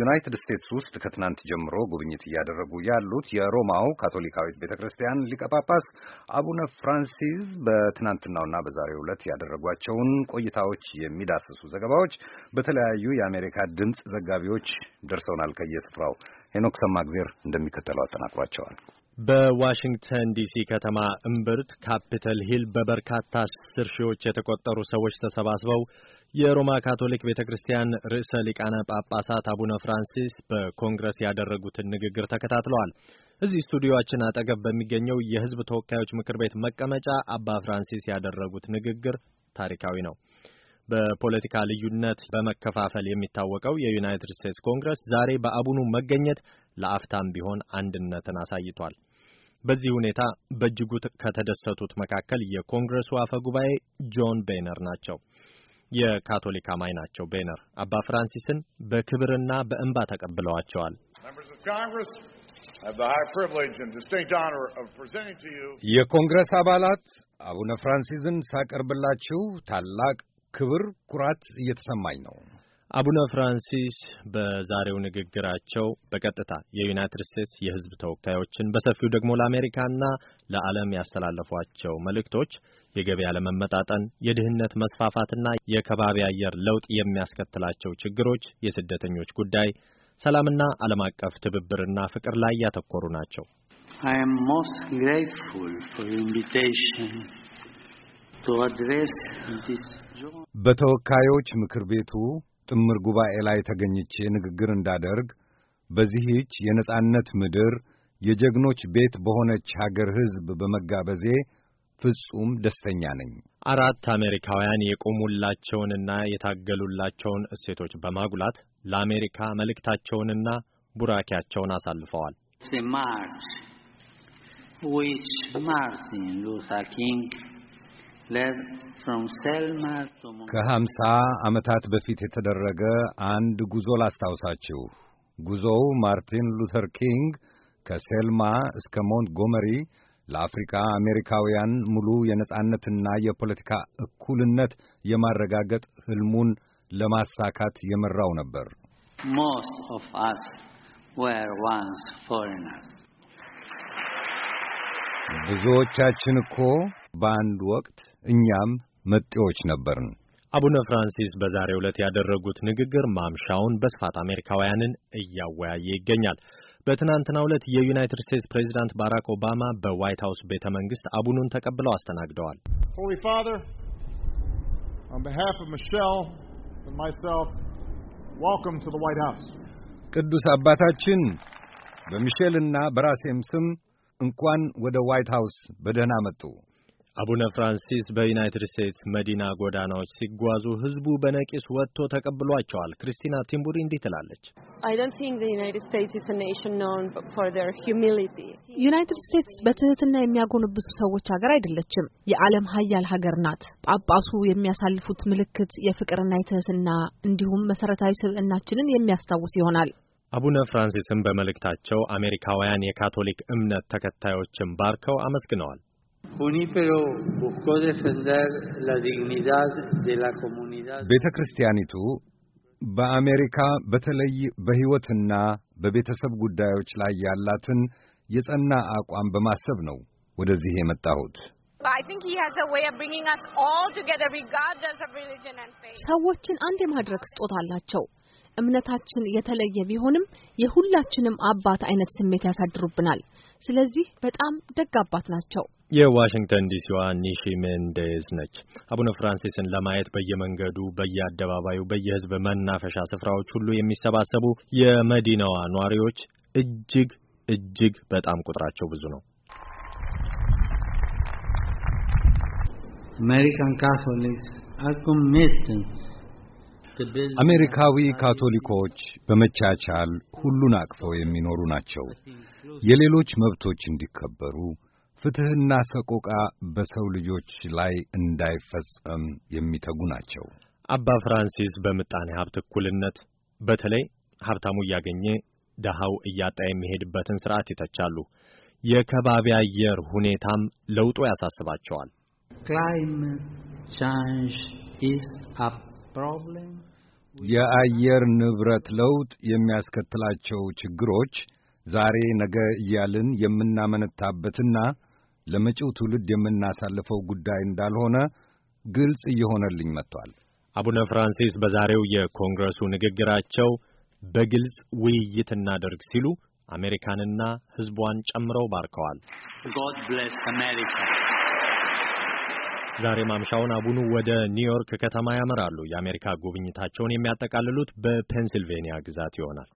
ዩናይትድ ስቴትስ ውስጥ ከትናንት ጀምሮ ጉብኝት እያደረጉ ያሉት የሮማው ካቶሊካዊት ቤተ ክርስቲያን ሊቀ ጳጳስ አቡነ ፍራንሲስ በትናንትናውና በዛሬው ዕለት ያደረጓቸውን ቆይታዎች የሚዳስሱ ዘገባዎች በተለያዩ የአሜሪካ ድምፅ ዘጋቢዎች ደርሰውናል። ከየስፍራው ሄኖክ ሰማግዜር እንደሚከተለው አጠናቅሯቸዋል። በዋሽንግተን ዲሲ ከተማ እምብርት ካፒተል ሂል በበርካታ አስር ሺዎች የተቆጠሩ ሰዎች ተሰባስበው የሮማ ካቶሊክ ቤተ ክርስቲያን ርዕሰ ሊቃነ ጳጳሳት አቡነ ፍራንሲስ በኮንግረስ ያደረጉትን ንግግር ተከታትለዋል። እዚህ ስቱዲዮአችን አጠገብ በሚገኘው የሕዝብ ተወካዮች ምክር ቤት መቀመጫ አባ ፍራንሲስ ያደረጉት ንግግር ታሪካዊ ነው። በፖለቲካ ልዩነት በመከፋፈል የሚታወቀው የዩናይትድ ስቴትስ ኮንግረስ ዛሬ በአቡኑ መገኘት ለአፍታም ቢሆን አንድነትን አሳይቷል። በዚህ ሁኔታ በእጅጉ ከተደሰቱት መካከል የኮንግረሱ አፈ ጉባኤ ጆን ቤነር ናቸው። የካቶሊክ አማኝ ናቸው። ቤነር አባ ፍራንሲስን በክብርና በእንባ ተቀብለዋቸዋል። የኮንግረስ አባላት አቡነ ፍራንሲስን ሳቀርብላችሁ ታላቅ ክብር፣ ኩራት እየተሰማኝ ነው። አቡነ ፍራንሲስ በዛሬው ንግግራቸው በቀጥታ የዩናይትድ ስቴትስ የሕዝብ ተወካዮችን በሰፊው ደግሞ ለአሜሪካና ለዓለም ያስተላለፏቸው መልእክቶች የገበያ አለመመጣጠን፣ የድህነት መስፋፋትና የከባቢ አየር ለውጥ የሚያስከትላቸው ችግሮች፣ የስደተኞች ጉዳይ፣ ሰላምና ዓለም አቀፍ ትብብርና ፍቅር ላይ ያተኮሩ ናቸው። I am most grateful for your invitation to address this በተወካዮች ምክር ቤቱ ጥምር ጉባኤ ላይ ተገኝቼ ንግግር እንዳደርግ በዚህች የነጻነት ምድር የጀግኖች ቤት በሆነች ሀገር ሕዝብ በመጋበዜ ፍጹም ደስተኛ ነኝ። አራት አሜሪካውያን የቆሙላቸውንና የታገሉላቸውን እሴቶች በማጉላት ለአሜሪካ መልእክታቸውንና ቡራኪያቸውን አሳልፈዋል። ማርች ዊች ማርቲን ሉተር ኪንግ ከሀምሳ ዓመታት በፊት የተደረገ አንድ ጉዞ ላስታውሳችሁ። ጉዞው ማርቲን ሉተር ኪንግ ከሴልማ እስከ ሞንትጎመሪ ለአፍሪካ አሜሪካውያን ሙሉ የነጻነትና የፖለቲካ እኩልነት የማረጋገጥ ሕልሙን ለማሳካት የመራው ነበር። ሞስት of us were once ብዙዎቻችን እኮ በአንድ ወቅት እኛም መጤዎች ነበርን። አቡነ ፍራንሲስ በዛሬ ዕለት ያደረጉት ንግግር ማምሻውን በስፋት አሜሪካውያንን እያወያየ ይገኛል። በትናንትናው ዕለት የዩናይትድ ስቴትስ ፕሬዚዳንት ባራክ ኦባማ በዋይት ሀውስ ቤተ መንግስት አቡኑን ተቀብለው አስተናግደዋል። ቅዱስ አባታችን በሚሼልና በራሴም ስም እንኳን ወደ ዋይት ሀውስ በደህና መጡ። አቡነ ፍራንሲስ በዩናይትድ ስቴትስ መዲና ጎዳናዎች ሲጓዙ ህዝቡ በነቂስ ወጥቶ ተቀብሏቸዋል። ክሪስቲና ቲምቡሪ እንዲህ ትላለች። ዩናይትድ ስቴትስ በትህትና የሚያጎንብሱ ሰዎች ሀገር አይደለችም። የዓለም ሀያል ሀገር ናት። ጳጳሱ የሚያሳልፉት ምልክት የፍቅርና የትህትና እንዲሁም መሰረታዊ ስብዕናችንን የሚያስታውስ ይሆናል። አቡነ ፍራንሲስም በመልእክታቸው አሜሪካውያን የካቶሊክ እምነት ተከታዮችን ባርከው አመስግነዋል። ሁኒፔሮ buscó ደፈንደር ለዲግኒዳድ dignidad ኮሙኒዳድ ቤተ ክርስቲያኒቱ በአሜሪካ በተለይ በሕይወትና በቤተሰብ ጉዳዮች ላይ ያላትን የጸና አቋም በማሰብ ነው ወደዚህ የመጣሁት። ሰዎችን አንድ የማድረግ ስጦታ አላቸው። እምነታችን የተለየ ቢሆንም የሁላችንም አባት አይነት ስሜት ያሳድሩብናል። ስለዚህ በጣም ደግ አባት ናቸው። የዋሽንግተን ዲሲዋ ኒሺ ሜንዴዝ ነች። አቡነ ፍራንሲስን ለማየት በየመንገዱ፣ በየአደባባዩ፣ በየህዝብ መናፈሻ ስፍራዎች ሁሉ የሚሰባሰቡ የመዲናዋ ነዋሪዎች እጅግ እጅግ በጣም ቁጥራቸው ብዙ ነው። አሜሪካን ካቶሊክስ are committed አሜሪካዊ ካቶሊኮች በመቻቻል ሁሉን አቅፈው የሚኖሩ ናቸው። የሌሎች መብቶች እንዲከበሩ ፍትሕና ሰቆቃ በሰው ልጆች ላይ እንዳይፈጸም የሚተጉ ናቸው። አባ ፍራንሲስ በምጣኔ ሀብት እኩልነት በተለይ ሀብታሙ እያገኘ ደሃው እያጣ የሚሄድበትን ስርዓት ይተቻሉ። የከባቢ አየር ሁኔታም ለውጦ ያሳስባቸዋል። ክላይም ቻንጅ ኢስ አ ፕሮብለም የአየር ንብረት ለውጥ የሚያስከትላቸው ችግሮች ዛሬ ነገ እያልን የምናመነታበትና ለመጪው ትውልድ የምናሳልፈው ጉዳይ እንዳልሆነ ግልጽ እየሆነልኝ መጥቷል። አቡነ ፍራንሲስ በዛሬው የኮንግረሱ ንግግራቸው በግልጽ ውይይት እናደርግ ሲሉ አሜሪካንና ሕዝቧን ጨምረው ባርከዋል። ዛሬ ማምሻውን አቡኑ ወደ ኒውዮርክ ከተማ ያመራሉ። የአሜሪካ ጉብኝታቸውን የሚያጠቃልሉት በፔንሲልቬኒያ ግዛት ይሆናል።